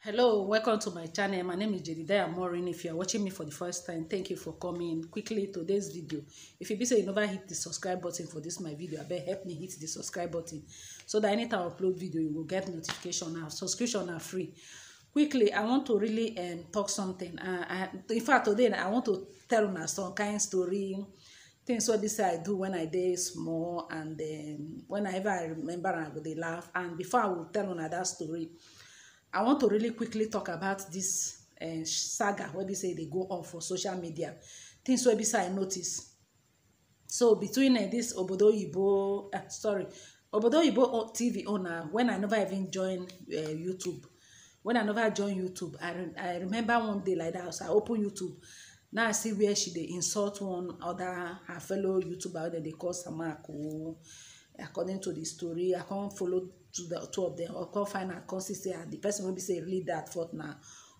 Hello, welcome to my channel. My name is Jedidiah Morin. If you are watching me for the first time, thank you for coming. Quickly, today's video. If you be say you never hit the subscribe button for this my video, I bet help me hit the subscribe button so that anytime I upload video, you will get notification. Our subscription are free. Quickly, I want to really um, talk something. Uh, I, in fact, today I want to tell una some kind story, things what this I do when I day small, and um, whenever I remember, I go dey laugh. And before I will tell una that story. I want to really quickly talk about this uh, saga Where they say they go on for social media things wey be say I notice so between uh, this obodo oyibo uh, sorry obodo oyibo tv owner when I never even joined uh, YouTube when I never joined YouTube I re I remember one day like that so I open YouTube now I see where she they insult one other her fellow YouTuber wey they call Sama Akowo according to the story i come follow to the, two of them I come find out come see say ah the person wey be say really that fault na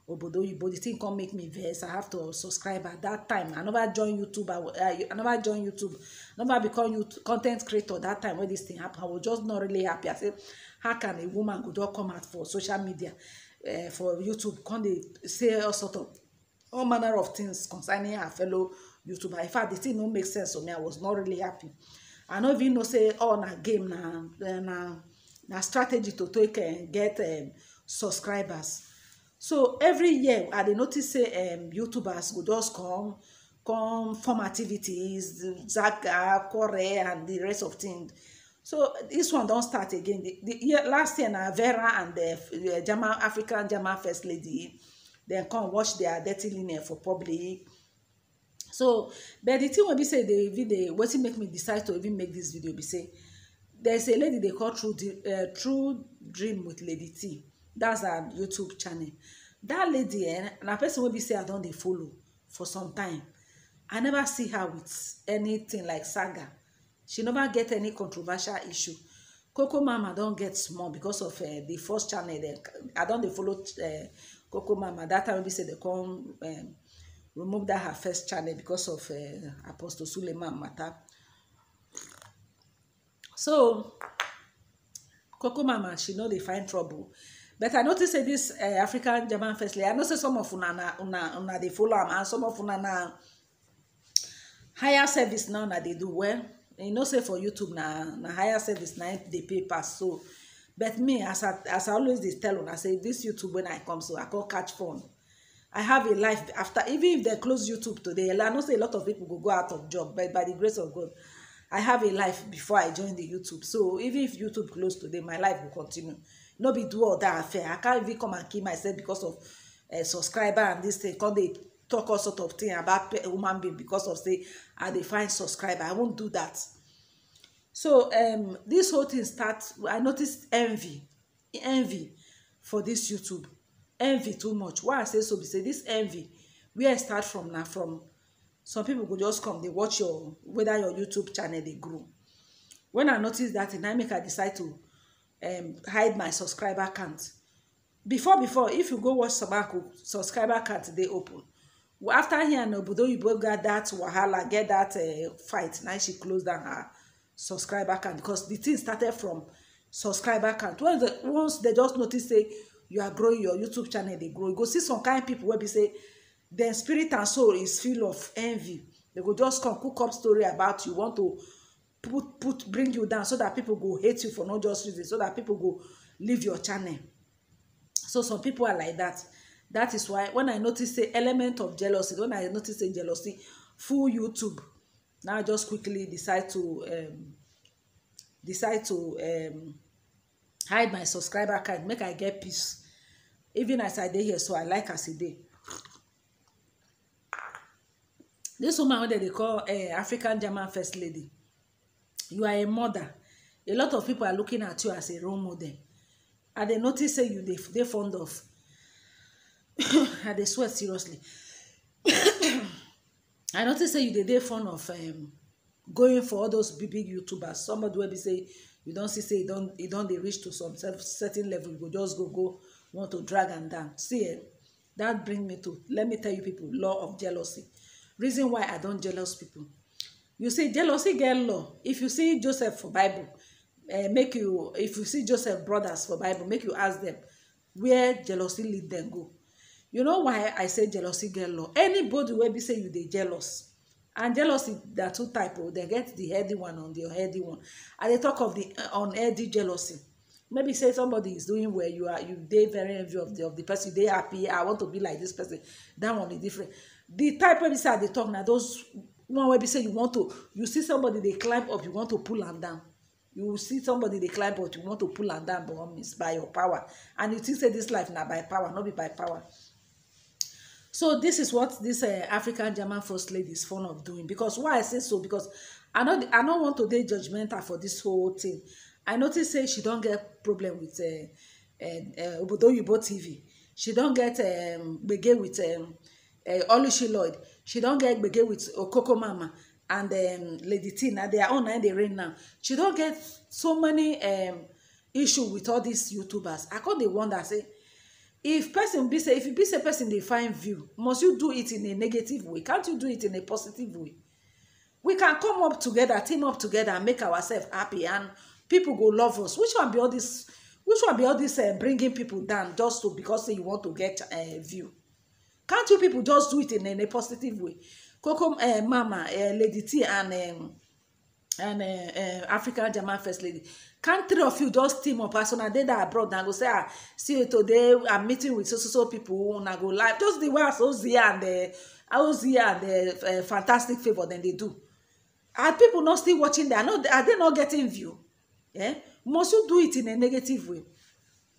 obodo oyibo the thing come make me vex i have to subscribe at that time i never join youtube i, I never join youtube i never become YouTube, content creator that time when this thing happen i was just not really happy i say how can a woman go just come out for social media uh, for youtube come dey say all sort of all manner of things concerning her fellow youtuber in fact the thing no make sense to me i was not really happy i no even know say all oh, na game na eh, na na strategy to take eh, get um, subscribers so every year i dey notice say um, youtubers go just come come form activities zaga kore and the rest of things so this one don start again the, the year last year na vera and the uh, german african german first lady dem come watch their dirty linen for public so but the thing wey be say dey even dey wetin make me decide to even make this video be say there's a lady they call true uh, true dream with lady t that's her youtube channel that lady eh na person wey be say i don dey follow for some time i never see her with anything like saga she never get any controversial issue coco mama don get small because of uh, the first channel dem eh, i don dey follow uh, coco mama that time wey be say they come um, remove that her first channel because of uh, Apostle Suleiman matter. So, Coco Mama, she know they find trouble. But I notice say this uh, African German firstly, I know say some of una na una, una dey follow am and some of una na higher service now na dey do well. You know say for YouTube na na higher service na dey pay pass so. But me as I as I always dey tell una say this YouTube when I come so I come catch phone. I have a life after even if they close YouTube today. I know say a lot of people will go out of job, but by the grace of God, I have a life before I join the YouTube. So even if YouTube close today, my life will continue. No be do all that affair. I can't even come and kill myself because of uh, subscriber and this thing. Come they talk all sort of thing about a woman being because of say I dey find subscriber. I won't do that. So um, this whole thing starts. I noticed envy, envy for this YouTube envy too much why i say so be say this envy where i start from na from some people go just come dey watch your whether your youtube channel dey grow when i notice that thing na make i decide to um, hide my subscriber count before before if you go watch Sabaku subscriber count dey open after here na obodo oyibo get that wahala get that uh, fight na she close down her subscriber count because the thing started from subscriber count once they, once they just notice say you are growing your youtube channel dey grow you go see some kind people wey be say dem spirit and soul is full of envy dem go just come cook up story about you want to put put bring you down so that people go hate you for no just reason so that people go leave your channel so some people are like that that is why when i notice say element of jealousy when i notice say jealousy full youtube now i just quickly decide to um, decide to um, hide my subscriber card make i get peace even as i dey here so i like as e dey this woman wey dem dey call uh, african german first lady you are a mother a lot of people are looking at you as a role model i dey notice say you dey dey fond of i dey swear seriously i notice say you dey dey fond of um, going for all those big big youtubers somebody wey be say you don see say e don dey reach to some certain level you go just go go want to drag am down see eh that bring me to let me tell you people law of jealousy reason why i don jealous people you see jealousy get law if you see joseph for bible uh, make you if you see joseph brothers for bible make you ask them where jealousy lead them go you know why i say jealousy get law anybody wey be say you dey jealous and jealousy there are two type o oh, they get the healthy one and the unhealthy one i dey talk of the uh, unhealthy jealousy maybe say somebody is doing well you are you dey very envy of the of the person you dey happy i want to be like this person that one dey different the type wey be say i dey talk na those one wey be say you want to you see somebody dey climb up you want to pull am down you see somebody dey climb up you want to pull am down But one means by your power and you think say this life na by power no be by power so this is what this uh, african german first lady is fond of doing because why i say so because i no i no want to dey judgmental for this whole thing i notice say she don get problem with uh, um, uh, uh, obodoyibo tv she don get um, gbege um, with um, uh, olushi lloyd she don get gbege with okoko mama and um, lady t na their own na dey reign now she don get so many um, issue with all these youtubers i come dey wonder say if person be say if you be say person dey find view must you do it in a negative way can't you do it in a positive way we can come up together team up together and make ourselves happy and people go love us which one be all this which one be all this uh, bringing people down just to because say you want to get uh, view can't you people just do it in, in a positive way coco uh, mama uh, lady t and um, And uh, uh, African German First Lady. Can three of you just team up as una dey that abroad and go say, ah, see you today, I'm meeting with so so so people, to go live. Just the ones, Ozia and the uh, Ozia and the uh, uh, fantastic favor then they do. Are people not still watching that? Not, are they not getting view? Yeah? Must you do it in a negative way?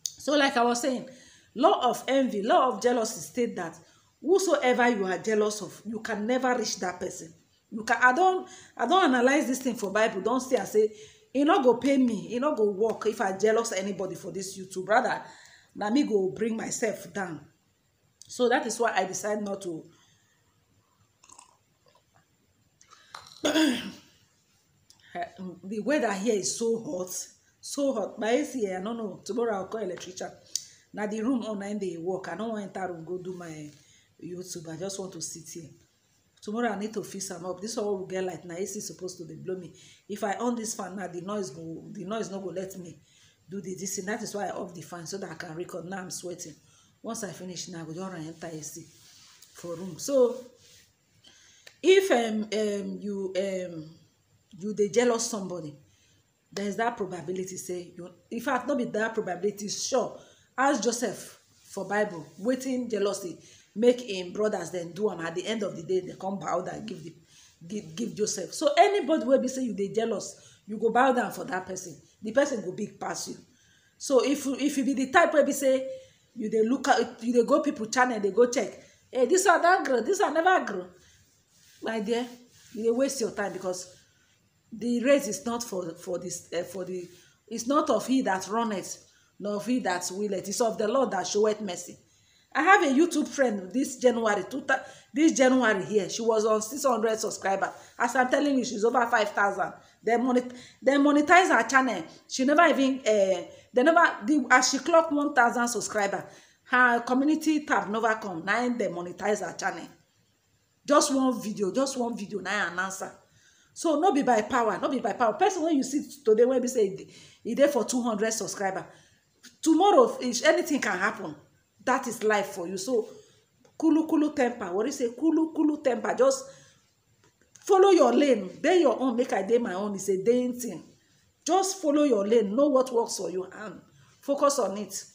So like I was saying, law of envy, law of jealousy state that whosoever you are jealous of, you can never reach that person. you can i don i don analyze this thing for bible don see i say e no go pay me e no go work if i jealous anybody for this youtube brother, na me go bring myself down so that is why i decide not to the weather here is so hot so hot my ac i no know tomorrow i'll call electrician na the room online na dey work i no wan enter room go do my youtube i just want to sit here tomorrow i need to fix am up This one we get light na ac suppose to dey blow me if i on this fan now the noise go the noise no go let me do the this thing that is why i off the fan so that i can record now i'm sweating once i finish now i go just run enter ac for room so if um, um, you um, you dey jealous somebody there is that probability say you in fact no be that probability sure ask joseph for bible wetin jealousy make him brothers Then do am at the end of the day they come bow down give the give, give joseph so anybody wey be say you dey jealous you go bow down for that person the person go big pass you so if you if you be the type wey be say you dey look at you dey go people channel dey go check hey this one don grow this one never grow my dear you dey waste your time because the race is not for for this uh, for the it's not of he that runneth nor of he that willeth it's of the lord that showeth mercy I have a YouTube friend this January, two this January here. She was on 600 subscribers. As I'm telling you, she's over 5,000. They, monet, they monetize her channel. She never even, uh, they never, the, as she clocked 1,000 subscribers, her community tab never come. Now they monetize her channel. Just one video, just one video, now an answer. So not be by power, not be by power. Personally, you see today, when we say he there for 200 subscribers, tomorrow, if anything can happen that is life for you so kulu kulu temper what you say kulu kulu temper just follow your lane dey your own make i dey my own is a dayin thing just follow your lane know what works for you and focus on it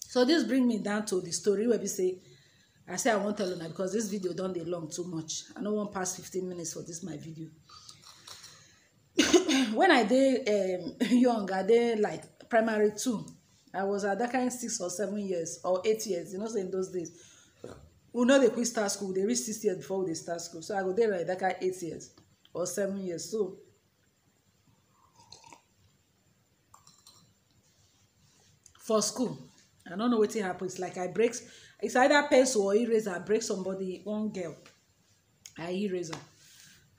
so this bring me down to the story wey be say i say i wan tell una because this video don dey long too much i no wan pass fifteen minutes for this my video when i dey um, young i dey like primary two i was at that kind six or seven years or eight years you know say in those days we no dey quick start school we dey reach six years before we dey start school so i go there like that kind eight years or seven years so for school i don't know what happen it's like i break it's either pencil or eraser i break somebody one girl i eraser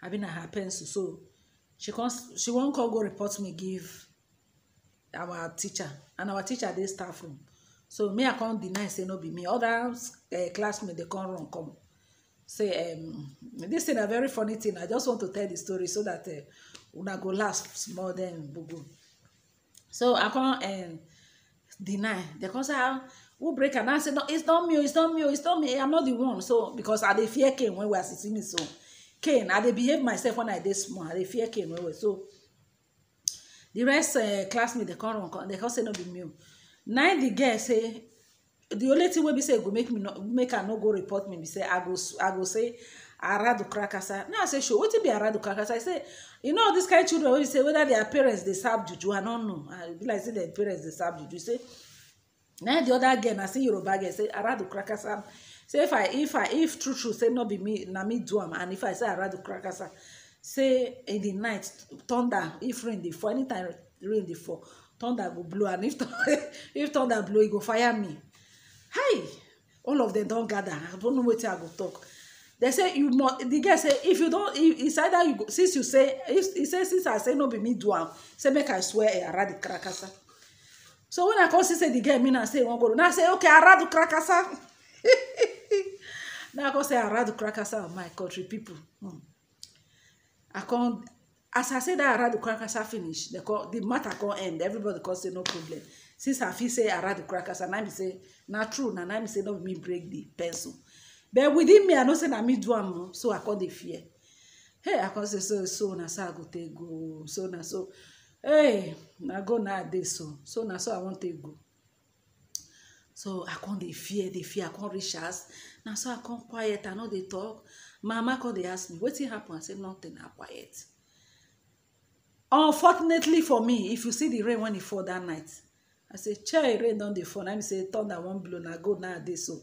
i mean na her pencil so she comes. she won't call go report me give our teacher and our teacher dey staff room so me i come deny say no be me other eh, classmates dey come run come say um, this thing na very funny thing i just want to tell the story so that eh, una go last small then gbogbo so i come um, deny dem come say ah, who break am i say no it's not me oh, it's not me oh, it's not me i'm not the one so because i dey fear cane when we are sitting so cane i dey behave myself when i dey small i dey fear cane well well so the rest uh, classmate they come run They dey come say no be me Now the girl say the only thing will be say go make me no make her no go report me be say i go i go say aradu krakasa now i say sure What wetin be aradu krakasa i say you know this kind of children wey be say whether their parents they serve juju i no know i be like say their parents they serve juju say now the other girl I see yoruba girl say aradu krakasa say if i if i if true true say no be me na me do am and if i say aradu krakasa say in the night thunder if rain dey fall anytime rain dey fall thunder go blow and if if thunder blow e go fire me Hey, all of them don gather i don't know wetin i go talk they say you must the girl say if you don it's either you go since you say if he say since i say no be me do am say make i swear eh ara the krakasa so when i come see say the girl mean am say e wan go now say okay ara the krakasa now i come say ara the krakasa of my country people. Hmm. I can't, as I say that, I read the crackers, I finish. The, call, the matter can end. Everybody can say no problem. Since I feel say I read the crackers, and I say, not true, and I say, don't me break the pencil. But within me, I know say na me do am, so I can't fear. Hey, I can say so, so, na so I go take go, so na so. Hey, I go now this so, so na so I want take go so i come dey fear dey fear i come reach house na so i come quiet i no dey talk mama come dey ask me wetin happen i say nothing i quiet unfortunately for me if you see the rain when e fall that night i say chai rain don dey fall na me say thunder wan blow na gold na dey so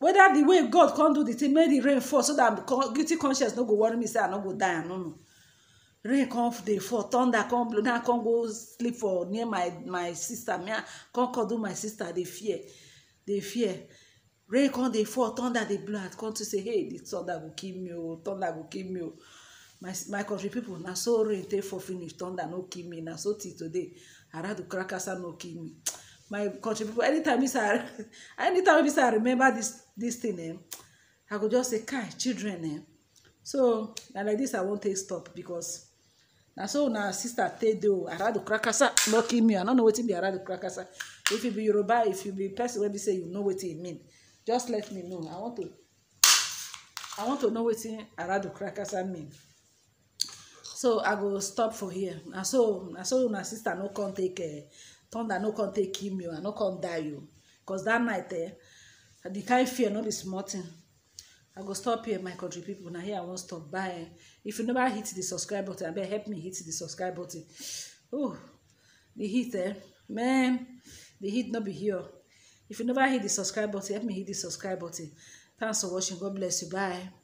whether the way god come do the thing make the rain fall so that guilty conscience no go worry me say i no go die i no know rain come dey fall thunder come blow now come go sleep for near my my sister me i come cuddle my sister dey fear dey fear rain come dey fall thunder dey blow i come to say hey the thunder go kill me oo oh, thunder go kill me oo oh. my my country people na so rain take fall finish thunder no kill me na so till today aradu krakasa no kill me my country people anytime this i anytime this i remember this this thing eh i go just say kai children eh so na like this i wan take stop because na so una sister take do aradu krakasa lucky me i no know wetin be aradu krakasa if you be yoruba if you be person wey be say you know wetin e mean just let me know i want to i want to know wetin aradu krakasa mean so i go stop for here na so na so una sister no come take uh, thunder no come take kill me i no come die o cause that night eh, the kind fear no be small thing i go stop here my country people Now here i won't stop bye if you never hit the subscribe button abeg help me hit the subscribe button oh the heat eh man the heat not be here if you never hit the subscribe button help me hit the subscribe button thanks for watching god bless you bye.